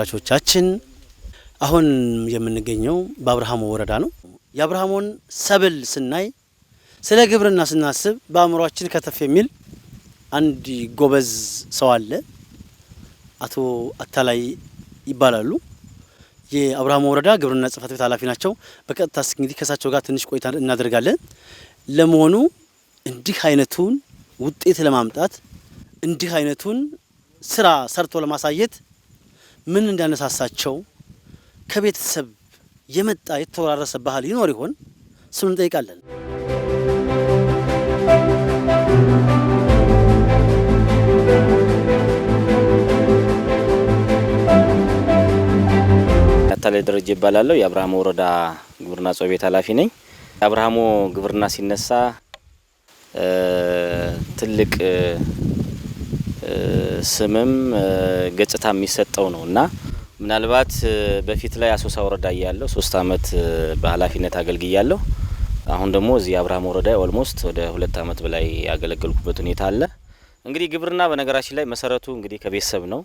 ተመልካቾቻችን አሁን የምንገኘው በአብርሃሞ ወረዳ ነው። የአብርሃሞን ሰብል ስናይ ስለ ግብርና ስናስብ በአእምሯችን ከተፍ የሚል አንድ ጎበዝ ሰው አለ። አቶ አታላይ ይባላሉ። የአብርሃሞ ወረዳ ግብርና ጽሕፈት ቤት ኃላፊ ናቸው። በቀጥታ እንግዲህ ከእሳቸው ጋር ትንሽ ቆይታ እናደርጋለን። ለመሆኑ እንዲህ አይነቱን ውጤት ለማምጣት እንዲህ አይነቱን ስራ ሰርቶ ለማሳየት ምን እንዳነሳሳቸው ከቤተሰብ የመጣ የተወራረሰ ባህል ይኖር ይሆን? ስም እንጠይቃለን። አታላይ ደረጀ ይባላለሁ። የአብርሃሞ ወረዳ ግብርና ጽሕፈት ቤት ኃላፊ ነኝ። የአብርሃሞ ግብርና ሲነሳ ትልቅ ስምም ገጽታ የሚሰጠው ነው እና ምናልባት በፊት ላይ አሶሳ ወረዳ እያለሁ ሶስት አመት በኃላፊነት አገልግያለሁ። አሁን ደግሞ እዚህ አብርሃም ወረዳ ኦልሞስት ወደ ሁለት አመት በላይ ያገለገልኩበት ሁኔታ አለ። እንግዲህ ግብርና በነገራችን ላይ መሰረቱ እንግዲህ ከቤተሰብ ነው።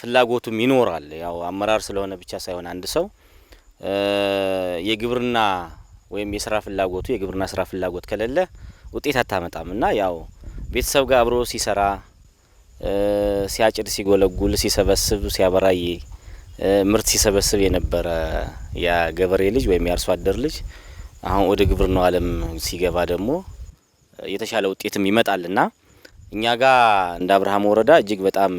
ፍላጎቱም ይኖራል። ያው አመራር ስለሆነ ብቻ ሳይሆን አንድ ሰው የግብርና ወይም የስራ ፍላጎቱ የግብርና ስራ ፍላጎት ከሌለ ውጤት አታመጣም እና ያው ቤተሰብ ጋር አብሮ ሲሰራ ሲያጭድ፣ ሲጎለጉል፣ ሲሰበስብ፣ ሲያበራይ ምርት ሲሰበስብ የነበረ የገበሬ ልጅ ወይም የአርሶ አደር ልጅ አሁን ወደ ግብርናው ዓለም ሲገባ ደግሞ የተሻለ ውጤትም ይመጣልና እኛ ጋ እንደ አብርሃም ወረዳ እጅግ በጣም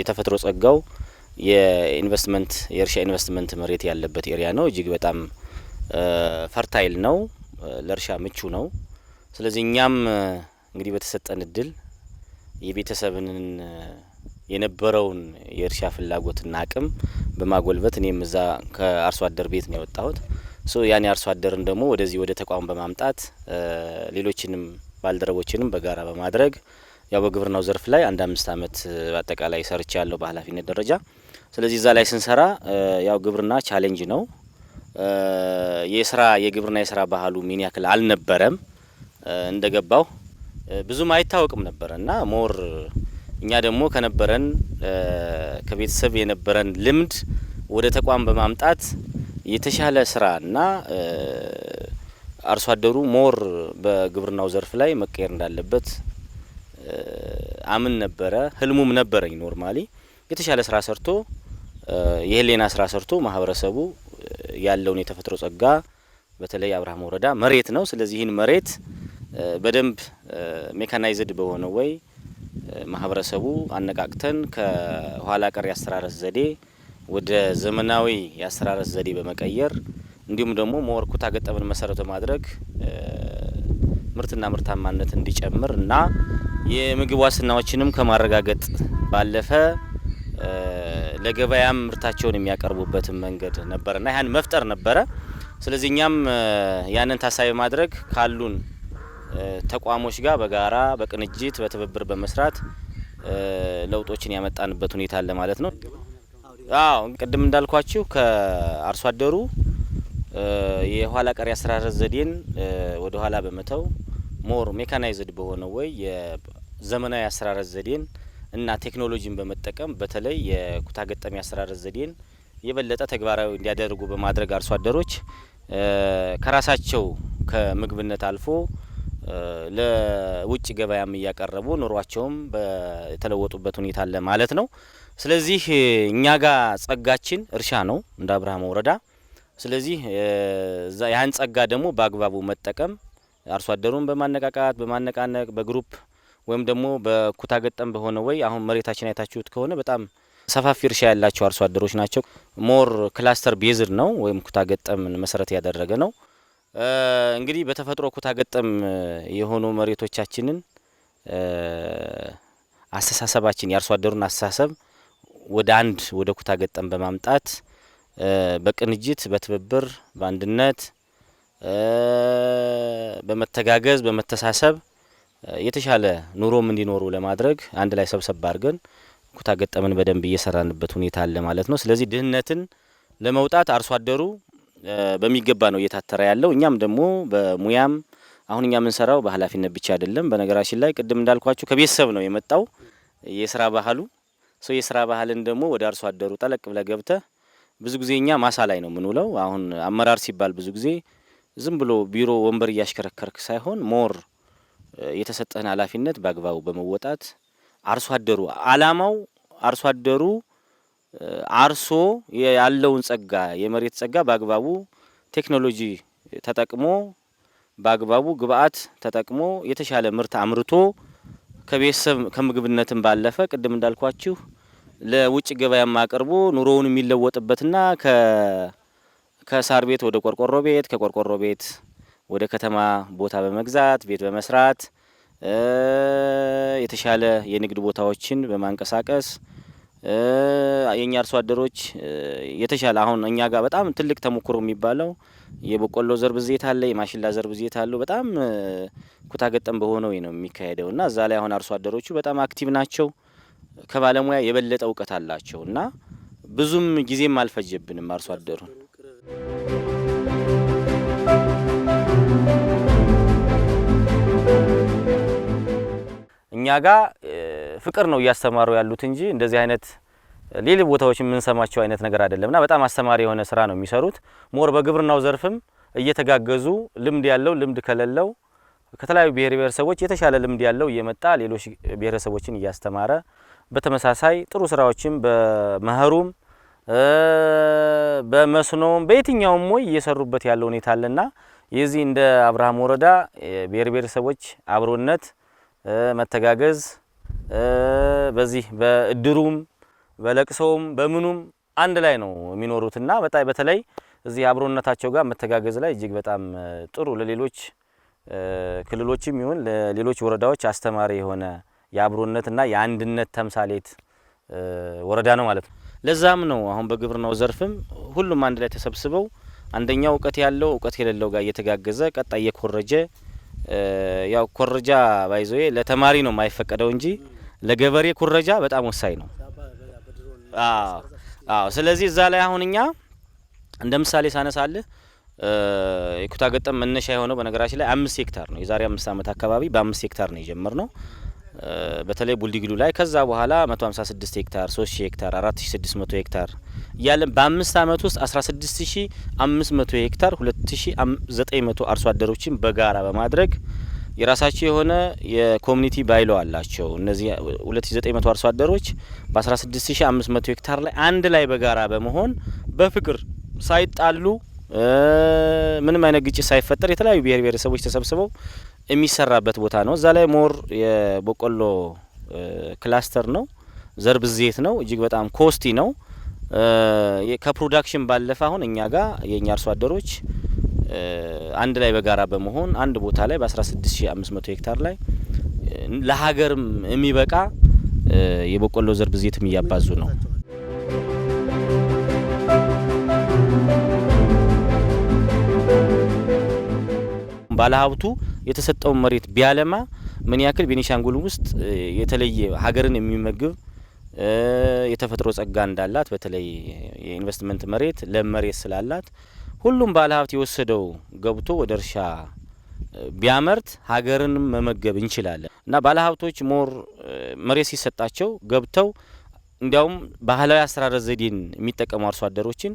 የተፈጥሮ ጸጋው የኢንቨስትመንት የእርሻ ኢንቨስትመንት መሬት ያለበት ኤሪያ ነው። እጅግ በጣም ፈርታይል ነው። ለእርሻ ምቹ ነው። ስለዚህ እኛም እንግዲህ በተሰጠን እድል የቤተሰብንን የነበረውን የእርሻ ፍላጎትና አቅም በማጎልበት እኔም እዛ ከአርሶ አደር ቤት ነው የወጣሁት። ሶ ያን የአርሶ አደርን ደግሞ ወደዚህ ወደ ተቋም በማምጣት ሌሎችንም ባልደረቦችንም በጋራ በማድረግ ያው በግብርናው ዘርፍ ላይ አንድ አምስት አመት በአጠቃላይ ሰርቻ ያለው በኃላፊነት ደረጃ። ስለዚህ እዛ ላይ ስንሰራ ያው ግብርና ቻሌንጅ ነው። የስራ የግብርና የስራ ባህሉ ምን ያክል አልነበረም። እንደገባው ብዙም አይታወቅም ነበረ እና ሞር እኛ ደግሞ ከነበረን ከቤተሰብ የነበረን ልምድ ወደ ተቋም በማምጣት የተሻለ ስራና አርሶ አደሩ ሞር በግብርናው ዘርፍ ላይ መቀየር እንዳለበት አምን ነበረ። ህልሙም ነበረኝ። ኖርማሊ የተሻለ ስራ ሰርቶ የህሌና ስራ ሰርቶ ማህበረሰቡ ያለውን የተፈጥሮ ጸጋ በተለይ አብርሃም ወረዳ መሬት ነው። ስለዚህ ይህን መሬት በደንብ ሜካናይዝድ በሆነ ወይ ማህበረሰቡ አነቃቅተን ከኋላ ቀር የአስተራረስ ዘዴ ወደ ዘመናዊ የአስተራረስ ዘዴ በመቀየር እንዲሁም ደግሞ ሞር ኩታ ገጠምን መሰረት በማድረግ ምርትና ምርታማነት እንዲጨምር እና የምግብ ዋስትናዎችንም ከማረጋገጥ ባለፈ ለገበያም ምርታቸውን የሚያቀርቡበትን መንገድ ነበረና ያን መፍጠር ነበረ። ስለዚህ እኛም ያንን ታሳቢ ማድረግ ካሉን ተቋሞች ጋር በጋራ በቅንጅት በትብብር በመስራት ለውጦችን ያመጣንበት ሁኔታ አለ ማለት ነው። አዎ ቅድም እንዳልኳችሁ ከአርሶ አደሩ የኋላ ቀሪ አስተራረስ ዘዴን ወደ ኋላ በመተው ሞር ሜካናይዝድ በሆነው ወይ የዘመናዊ አስተራረስ ዘዴን እና ቴክኖሎጂን በመጠቀም በተለይ የኩታ ገጠሚ አስተራረስ ዘዴን የበለጠ ተግባራዊ እንዲያደርጉ በማድረግ አርሶ አደሮች ከራሳቸው ከምግብነት አልፎ ለውጭ ገበያም እያቀረቡ ኑሯቸውም የተለወጡበት ሁኔታ አለ ማለት ነው። ስለዚህ እኛ ጋር ጸጋችን እርሻ ነው እንደ አብርሃም ወረዳ። ስለዚህ ያን ጸጋ ደግሞ በአግባቡ መጠቀም አርሶ አደሩን በማነቃቃት በማነቃነቅ በግሩፕ ወይም ደግሞ በኩታ ገጠም በሆነ ወይ አሁን መሬታችን አይታችሁት ከሆነ በጣም ሰፋፊ እርሻ ያላቸው አርሶ አደሮች ናቸው። ሞር ክላስተር ቤዝድ ነው ወይም ኩታ ገጠምን መሰረት ያደረገ ነው። እንግዲህ በተፈጥሮ ኩታ ገጠም የሆኑ መሬቶቻችንን አስተሳሰባችን የአርሶ አደሩን አስተሳሰብ ወደ አንድ ወደ ኩታ ገጠም በማምጣት በቅንጅት በትብብር በአንድነት በመተጋገዝ በመተሳሰብ የተሻለ ኑሮም እንዲኖሩ ለማድረግ አንድ ላይ ሰብሰብ አድርገን ኩታ ገጠምን በደንብ እየሰራንበት ሁኔታ አለ ማለት ነው። ስለዚህ ድህነትን ለመውጣት አርሶ አደሩ በሚገባ ነው እየታተረ ያለው። እኛም ደግሞ በሙያም አሁን እኛ የምንሰራው በኃላፊነት ብቻ አይደለም። በነገራችን ላይ ቅድም እንዳልኳችሁ ከቤተሰብ ነው የመጣው የስራ ባህሉ ሰው የስራ ባህልን ደግሞ ወደ አርሶ አደሩ ጠለቅ ብለ ገብተ ብዙ ጊዜ እኛ ማሳ ላይ ነው የምንውለው። አሁን አመራር ሲባል ብዙ ጊዜ ዝም ብሎ ቢሮ ወንበር እያሽከረከርክ ሳይሆን ሞር የተሰጠህን ኃላፊነት በአግባቡ በመወጣት አርሶ አደሩ አላማው አርሶ አደሩ አርሶ ያለውን ጸጋ የመሬት ጸጋ በአግባቡ ቴክኖሎጂ ተጠቅሞ በአግባቡ ግብአት ተጠቅሞ የተሻለ ምርት አምርቶ ከቤተሰብ ከምግብነትም ባለፈ ቅድም እንዳልኳችሁ ለውጭ ገበያም አቅርቦ ኑሮውን የሚለወጥበትና ከሳር ቤት ወደ ቆርቆሮ ቤት ከቆርቆሮ ቤት ወደ ከተማ ቦታ በመግዛት ቤት በመስራት የተሻለ የንግድ ቦታዎችን በማንቀሳቀስ የእኛ አርሶ አደሮች የተሻለ አሁን እኛ ጋር በጣም ትልቅ ተሞክሮ የሚባለው የበቆሎ ዘር ብዜት አለ፣ የማሽላ ዘር ብዜት አለው። በጣም ኩታ ገጠም በሆነው ነው የሚካሄደው እና እዛ ላይ አሁን አርሶ አደሮቹ በጣም አክቲቭ ናቸው። ከባለሙያ የበለጠ እውቀት አላቸው እና ብዙም ጊዜም አልፈጀብንም አርሶ አደሩን እኛ ጋር ፍቅር ነው እያስተማሩ ያሉት እንጂ እንደዚህ አይነት ሌሎች ቦታዎች የምንሰማቸው አይነት ነገር አይደለምና በጣም አስተማሪ የሆነ ስራ ነው የሚሰሩት። ሞር በግብርናው ዘርፍም እየተጋገዙ ልምድ ያለው ልምድ ከሌለው ከተለያዩ ብሔር ብሔረሰቦች የተሻለ ልምድ ያለው እየመጣ ሌሎች ብሔረሰቦችን እያስተማረ በተመሳሳይ ጥሩ ስራዎችም በመኸሩም በመስኖም በየትኛውም ሞይ እየሰሩበት ያለው ሁኔታ አለና የዚህ እንደ አብርሃም ወረዳ ብሔር ብሔረሰቦች አብሮነት መተጋገዝ በዚህ በእድሩም በለቅሰውም በምኑም አንድ ላይ ነው የሚኖሩትና በተለይ እዚህ አብሮነታቸው ጋር መተጋገዝ ላይ እጅግ በጣም ጥሩ ለሌሎች ክልሎችም ይሁን ለሌሎች ወረዳዎች አስተማሪ የሆነ የአብሮነትና የአንድነት ተምሳሌት ወረዳ ነው ማለት ነው። ለዛም ነው አሁን በግብርናው ዘርፍም ሁሉም አንድ ላይ ተሰብስበው አንደኛው እውቀት ያለው እውቀት የሌለው ጋር እየተጋገዘ ቀጣይ እየኮረጀ ያው ኮረጃ ባይዞዬ ለተማሪ ነው የማይፈቀደው እንጂ ለገበሬ ኩረጃ በጣም ወሳኝ ነው። አዎ። ስለዚህ እዛ ላይ አሁን እኛ እንደ ምሳሌ ሳነሳልህ የኩታ ገጠም መነሻ የሆነው በነገራችን ላይ አምስት ሄክታር ነው። የዛሬ አምስት ዓመት አካባቢ በአምስት ሄክታር ነው የጀመር ነው በተለይ ቡልዲግሉ ላይ ከዛ በኋላ 156 ሄክታር፣ 3000 ሄክታር፣ 4600 ሄክታር እያለን በአምስት ዓመት ውስጥ 16500 ሄክታር 2900 አርሶ አደሮችን በጋራ በማድረግ የራሳቸው የሆነ የኮሚኒቲ ባይሎ አላቸው። እነዚህ 2900 አርሶ አደሮች በ16500 ሄክታር ላይ አንድ ላይ በጋራ በመሆን በፍቅር ሳይጣሉ ምንም አይነት ግጭት ሳይፈጠር የተለያዩ ብሔር ብሔረሰቦች ተሰብስበው የሚሰራበት ቦታ ነው። እዛ ላይ ሞር የበቆሎ ክላስተር ነው። ዘር ብዜት ነው። እጅግ በጣም ኮስቲ ነው። ከፕሮዳክሽን ባለፈ አሁን እኛ ጋር የእኛ አርሶ አደሮች አንድ ላይ በጋራ በመሆን አንድ ቦታ ላይ በ16500 ሄክታር ላይ ለሀገርም የሚበቃ የበቆሎ ዘር ብዜትም እያባዙ ነው። ባለሀብቱ የተሰጠውን መሬት ቢያለማ ምን ያክል ቤኒሻንጉል ውስጥ የተለየ ሀገርን የሚመግብ የተፈጥሮ ጸጋ እንዳላት በተለይ የኢንቨስትመንት መሬት ለም መሬት ስላላት ሁሉም ባለሀብት የወሰደው ገብቶ ወደ እርሻ ቢያመርት ሀገርንም መመገብ እንችላለን እና ባለሀብቶች ሞር መሬት ሲሰጣቸው ገብተው እንዲያውም ባህላዊ አስተራረስ ዘዴን የሚጠቀሙ አርሶ አደሮችን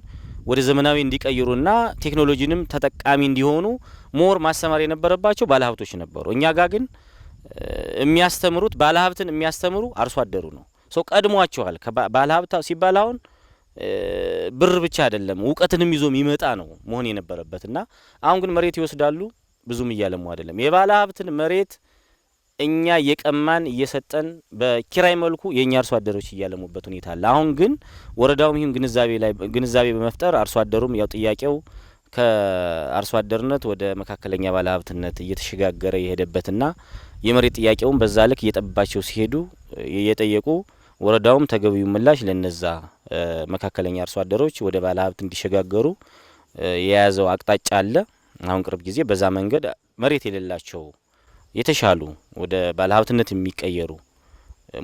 ወደ ዘመናዊ እንዲቀይሩና ቴክኖሎጂንም ተጠቃሚ እንዲሆኑ ሞር ማስተማር የነበረባቸው ባለሀብቶች ነበሩ። እኛ ጋር ግን የሚያስተምሩት ባለሀብትን የሚያስተምሩ አርሶ አደሩ ነው። ሰው ቀድሟቸዋል። ባለሀብት ሲባል አሁን ብር ብቻ አይደለም እውቀትንም ይዞ የሚመጣ ነው መሆን የነበረበት እና አሁን ግን መሬት ይወስዳሉ፣ ብዙም እያለሙ አይደለም። የባለ ሀብትን መሬት እኛ እየቀማን እየሰጠን በኪራይ መልኩ የእኛ አርሶ አደሮች እያለሙበት ሁኔታ አለ። አሁን ግን ወረዳውም ይህም ግንዛቤ ላይ ግንዛቤ በመፍጠር አርሶ አደሩም ያው ጥያቄው ከአርሶ አደርነት ወደ መካከለኛ ባለ ሀብትነት እየተሸጋገረ የሄደበትና የመሬት ጥያቄውን በዛ ልክ እየጠባቸው ሲሄዱ እየጠየቁ ወረዳውም ተገቢው ምላሽ ለነዛ መካከለኛ አርሶ አደሮች ወደ ባለ ሀብት እንዲሸጋገሩ የያዘው አቅጣጫ አለ። አሁን ቅርብ ጊዜ በዛ መንገድ መሬት የሌላቸው የተሻሉ ወደ ባለ ሀብትነት የሚቀየሩ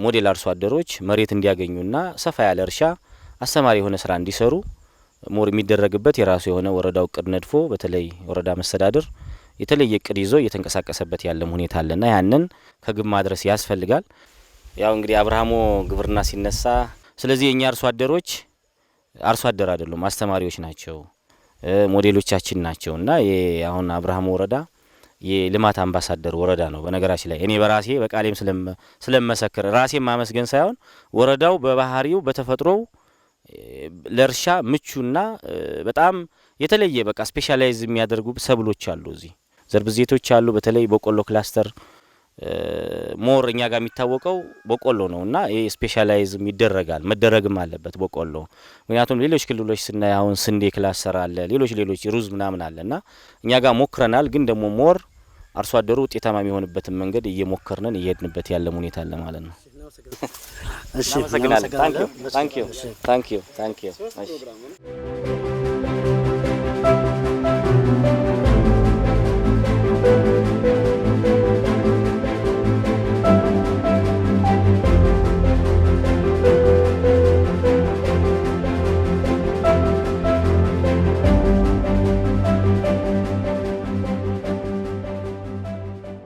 ሞዴል አርሶ አደሮች መሬት እንዲያገኙና ሰፋ ያለ እርሻ አስተማሪ የሆነ ስራ እንዲሰሩ ሞር የሚደረግበት የራሱ የሆነ ወረዳው እቅድ ነድፎ በተለይ ወረዳ መስተዳድር የተለየ እቅድ ይዞ እየተንቀሳቀሰበት ያለም ሁኔታ አለና ያንን ከግብ ማድረስ ያስፈልጋል። ያው እንግዲህ አብርሃሞ ግብርና ሲነሳ ስለዚህ የእኛ አርሶ አደሮች አርሶ አደር አይደሉም፣ አስተማሪዎች ናቸው፣ ሞዴሎቻችን ናቸው እና አሁን አብርሃም ወረዳ የልማት አምባሳደር ወረዳ ነው። በነገራችን ላይ እኔ በራሴ በቃሌም ስለመሰክር ራሴ ማመስገን ሳይሆን ወረዳው በባህሪው በተፈጥሮው ለእርሻ ምቹና በጣም የተለየ በቃ ስፔሻላይዝ የሚያደርጉ ሰብሎች አሉ። እዚህ ዘርብዜቶች አሉ። በተለይ በቆሎ ክላስተር ሞር እኛ ጋር የሚታወቀው በቆሎ ነው እና ስፔሻላይዝም ይደረጋል መደረግም አለበት በቆሎ። ምክንያቱም ሌሎች ክልሎች ስናይ አሁን ስንዴ ክላስተር አለ፣ ሌሎች ሌሎች ሩዝ ምናምን አለ እና እኛ ጋር ሞክረናል፣ ግን ደግሞ ሞር አርሶ አደሩ ውጤታማ የሚሆንበትን መንገድ እየሞከርንን እየሄድንበት ያለ ሁኔታ አለ ማለት ነው። አመሰግናለሁ። ታንኪዩ ታንኪዩ ታንኪዩ።